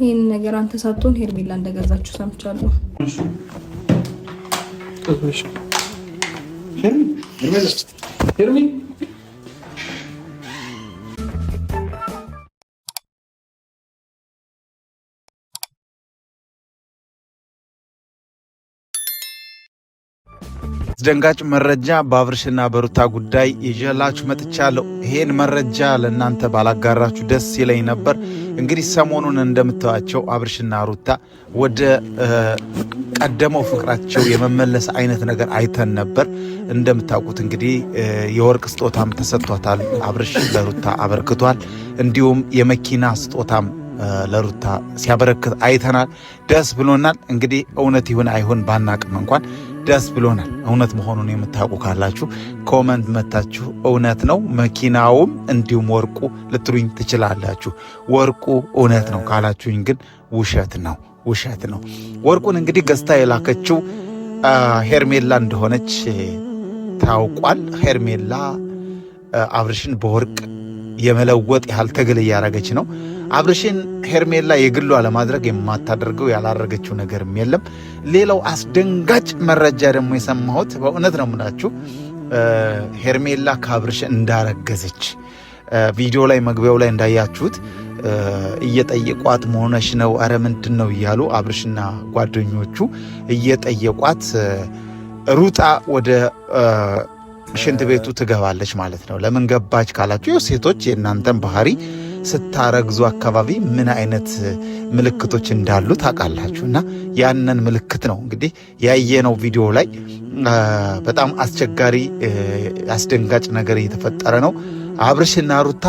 ይህን ነገር አንተ ሳትሆን ሄርሜላ እንደገዛችሁ ሰምቻለሁ። ሄርሚ አስደንጋጭ መረጃ በአብርሽና በሩታ ጉዳይ ይዤላችሁ መጥቻለሁ። ይሄን መረጃ ለእናንተ ባላጋራችሁ ደስ ይለኝ ነበር። እንግዲህ ሰሞኑን እንደምታዩቸው አብርሽና ሩታ ወደ ቀደመው ፍቅራቸው የመመለስ አይነት ነገር አይተን ነበር። እንደምታውቁት እንግዲህ የወርቅ ስጦታም ተሰጥቷታል፣ አብርሽ ለሩታ አበርክቷል። እንዲሁም የመኪና ስጦታም ለሩታ ሲያበረክት አይተናል። ደስ ብሎናል። እንግዲህ እውነት ይሁን አይሁን ባናቅም እንኳን ደስ ብሎናል። እውነት መሆኑን የምታውቁ ካላችሁ ኮመንት መታችሁ እውነት ነው መኪናውም እንዲሁም ወርቁ ልትሉኝ ትችላላችሁ። ወርቁ እውነት ነው ካላችሁኝ ግን ውሸት ነው ውሸት ነው። ወርቁን እንግዲህ ገዝታ የላከችው ሄርሜላ እንደሆነች ታውቋል። ሄርሜላ አብርሽን በወርቅ የመለወጥ ያህል ትግል እያደረገች ነው። አብርሽን ሄርሜላ የግሏ ለማድረግ የማታደርገው ያላደረገችው ነገርም የለም። ሌላው አስደንጋጭ መረጃ ደግሞ የሰማሁት በእውነት ነው የምላችሁ ሄርሜላ ከአብርሽ እንዳረገዘች ቪዲዮ ላይ መግቢያው ላይ እንዳያችሁት እየጠየቋት መሆነሽ ነው፣ አረ ምንድን ነው እያሉ አብርሽና ጓደኞቹ እየጠየቋት ሩጣ ወደ ሽንት ቤቱ ትገባለች ማለት ነው። ለምን ገባች ካላችሁ ሴቶች የእናንተን ባህሪ ስታረግዙ አካባቢ ምን አይነት ምልክቶች እንዳሉ ታውቃላችሁ። እና ያንን ምልክት ነው እንግዲህ ያየነው ቪዲዮ ላይ በጣም አስቸጋሪ አስደንጋጭ ነገር እየተፈጠረ ነው። አብርሽና ሩታ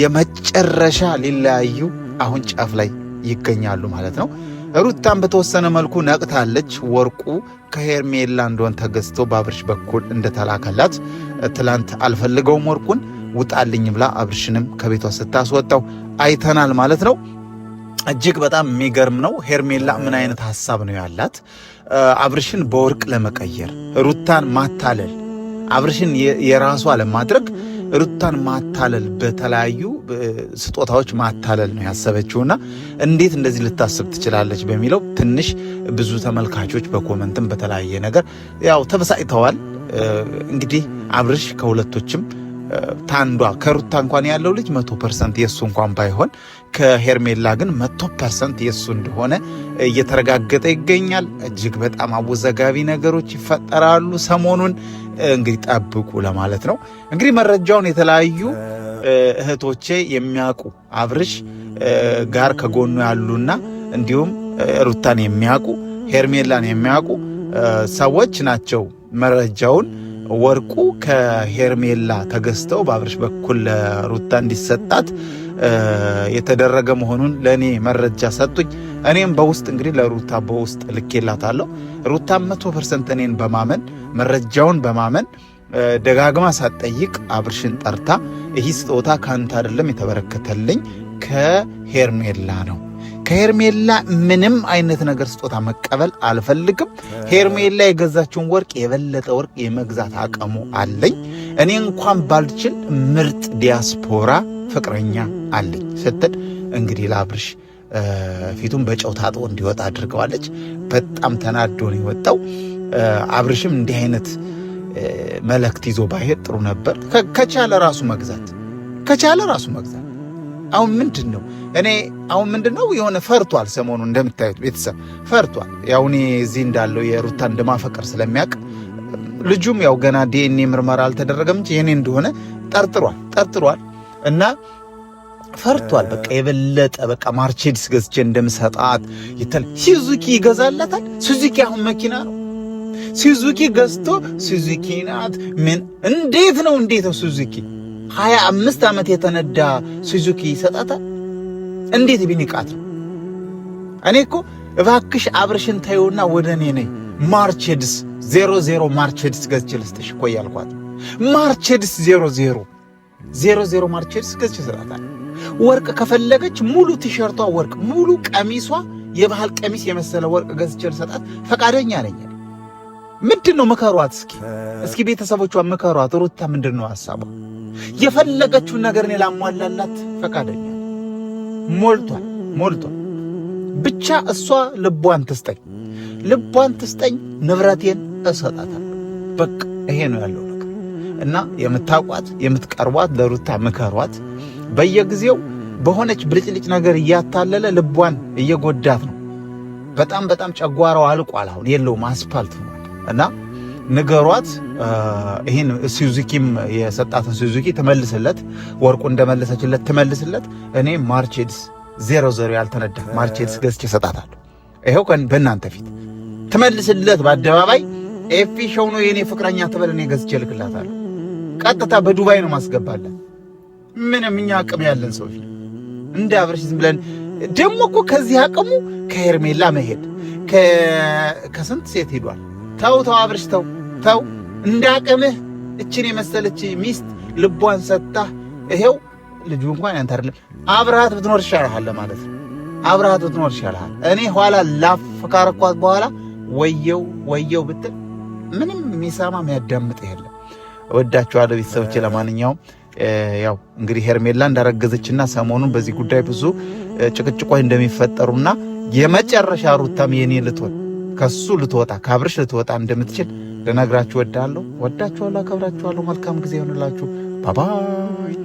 የመጨረሻ ሊለያዩ አሁን ጫፍ ላይ ይገኛሉ ማለት ነው። ሩታን በተወሰነ መልኩ ነቅታለች። ወርቁ ከሄርሜላ እንደሆን ተገዝቶ በአብርሽ በኩል እንደተላከላት ትላንት አልፈልገውም ወርቁን ውጣልኝ ብላ አብርሽንም ከቤቷ ስታስወጣው አይተናል ማለት ነው። እጅግ በጣም የሚገርም ነው። ሄርሜላ ምን አይነት ሀሳብ ነው ያላት? አብርሽን በወርቅ ለመቀየር ሩታን ማታለል፣ አብርሽን የራሷ ለማድረግ ሩታን ማታለል በተለያዩ ስጦታዎች ማታለል ነው ያሰበችውና እንዴት እንደዚህ ልታስብ ትችላለች በሚለው ትንሽ ብዙ ተመልካቾች በኮመንትም በተለያየ ነገር ያው ተበሳጭተዋል። እንግዲህ አብርሽ ከሁለቶችም ታንዷ ከሩታ እንኳን ያለው ልጅ መቶ ፐርሰንት የእሱ እንኳን ባይሆን ከሄርሜላ ግን መቶ ፐርሰንት የእሱ እንደሆነ እየተረጋገጠ ይገኛል። እጅግ በጣም አወዛጋቢ ነገሮች ይፈጠራሉ። ሰሞኑን እንግዲህ ጠብቁ ለማለት ነው። እንግዲህ መረጃውን የተለያዩ እህቶቼ የሚያውቁ አብርሽ ጋር ከጎኑ ያሉና እንዲሁም ሩታን የሚያውቁ ሄርሜላን የሚያውቁ ሰዎች ናቸው መረጃውን ወርቁ ከሄርሜላ ተገዝተው በአብርሽ በኩል ለሩታ እንዲሰጣት የተደረገ መሆኑን ለእኔ መረጃ ሰጡኝ። እኔም በውስጥ እንግዲህ ለሩታ በውስጥ ልኬላታለሁ። ሩታ መቶ ፐርሰንት እኔን በማመን መረጃውን በማመን ደጋግማ ሳትጠይቅ አብርሽን ጠርታ ይህ ስጦታ ከአንተ አይደለም የተበረከተልኝ ከሄርሜላ ነው ከሄርሜላ ምንም አይነት ነገር ስጦታ መቀበል አልፈልግም። ሄርሜላ የገዛችውን ወርቅ የበለጠ ወርቅ የመግዛት አቅሙ አለኝ። እኔ እንኳን ባልችል ምርጥ ዲያስፖራ ፍቅረኛ አለኝ ስትል እንግዲህ ላብርሽ ፊቱን በጨው ታጥቦ እንዲወጣ አድርገዋለች። በጣም ተናዶ ነው የወጣው። አብርሽም እንዲህ አይነት መልእክት ይዞ ባሄድ ጥሩ ነበር። ከቻለ ራሱ መግዛት ከቻለ ራሱ መግዛት አሁን ምንድን ነው እኔ አሁን ምንድን ነው የሆነ ፈርቷል። ሰሞኑ እንደምታዩት ቤተሰብ ፈርቷል። ያው እኔ እዚህ እንዳለው የሩታ እንደማፈቀር ስለሚያውቅ ልጁም ያው ገና ዲኤንኤ ምርመራ አልተደረገም እንጂ የኔ እንደሆነ ጠርጥሯል ጠርጥሯል እና ፈርቷል። በቃ የበለጠ በቃ ማርቼዲስ ገዝቼ እንደምሰጣት ይተል ሲዙኪ ይገዛላታል። ሲዙኪ አሁን መኪና ነው። ሲዙኪ ገዝቶ ሱዙኪ ናት ምን እንዴት ነው እንዴት ነው ሱዙኪ ሀያ አምስት ዓመት የተነዳ ሱዙኪ ይሰጣታል። እንዴት ቢንቃት ነው? እኔ እኮ እባክሽ አብርሽን ታዩና ወደ እኔ ነይ ማርቼድስ ዜሮ ዜሮ ማርቼድስ ገዝቼ ልስጥሽ እኮ እያልኳት ማርቼድስ ዜሮ ዜሮ ዜሮ ዜሮ ማርቼድስ ገዝቼ ይሰጣታል። ወርቅ ከፈለገች ሙሉ ቲሸርቷ ወርቅ፣ ሙሉ ቀሚሷ የባህል ቀሚስ የመሰለ ወርቅ ገዝቼ ልሰጣት ፈቃደኛ ነኝ። ምንድን ነው ምከሯት፣ እስኪ እስኪ ቤተሰቦቿ ምከሯት። ሩታ ምንድን ነው ሀሳቧ? የፈለገችውን ነገር እኔ ላሟላላት ፈቃደኛ ሞልቷል ሞልቷል። ብቻ እሷ ልቧን ትስጠኝ፣ ልቧን ትስጠኝ፣ ንብረቴን እሰጣታለሁ። በቃ ይሄ ነው ያለው ነገር እና የምታውቋት የምትቀርቧት ለሩታ ምከሯት። በየጊዜው በሆነች ብልጭልጭ ነገር እያታለለ ልቧን እየጎዳት ነው። በጣም በጣም ጨጓራው አልቋል። አሁን የለውም አስፓልት። እና ንገሯት ይህን ሱዙኪም የሰጣትን ሱዙኪ ትመልስለት፣ ወርቁ እንደመለሰችለት ትመልስለት። እኔ ማርቼድስ ዜሮ ዜሮ ያልተነዳ ማርቼድስ ገዝቼ እሰጣታለሁ። ይኸው በእናንተ ፊት ትመልስለት። በአደባባይ ኤፊ ሸው ነው የእኔ ፍቅረኛ ትበል፣ እኔ ገዝቼ እልክላታለሁ። ቀጥታ በዱባይ ነው ማስገባለን። ምንም እኛ አቅም ያለን ሰዎች እንደ አብረሽ ዝም ብለን ደግሞ እኮ ከዚህ አቅሙ ከሄርሜላ መሄድ ከስንት ሴት ሄዷል። ተው ተው አብርሽ ተው። ተው እንዳቅምህ እችን የመሰለች ሚስት ልቧን ሰጥታህ ይሄው ልጁ እንኳን ያንተ አይደለም አብረሃት ብትኖር ይሻልሃል ማለት ነው። አብረሃት ብትኖር ይሻልሃል። እኔ ኋላ ላፍ ካረኳት በኋላ ወየው ወየው ብትል ምንም የሚሰማ የሚያዳምጥ የለም። እወዳችኋለሁ ቤተሰቦቼ። ለማንኛውም ያው እንግዲህ ሄርሜላ እንዳረገዘችና ሰሞኑን በዚህ ጉዳይ ብዙ ጭቅጭቆች እንደሚፈጠሩና የመጨረሻ ሩታም የኔ ልትሆን ከሱ ልትወጣ ከአብርሽ ልትወጣ እንደምትችል ልነግራችሁ ወዳለሁ። ወዳችኋለሁ፣ አከብራችኋለሁ። መልካም ጊዜ ይሆንላችሁ። ባባይ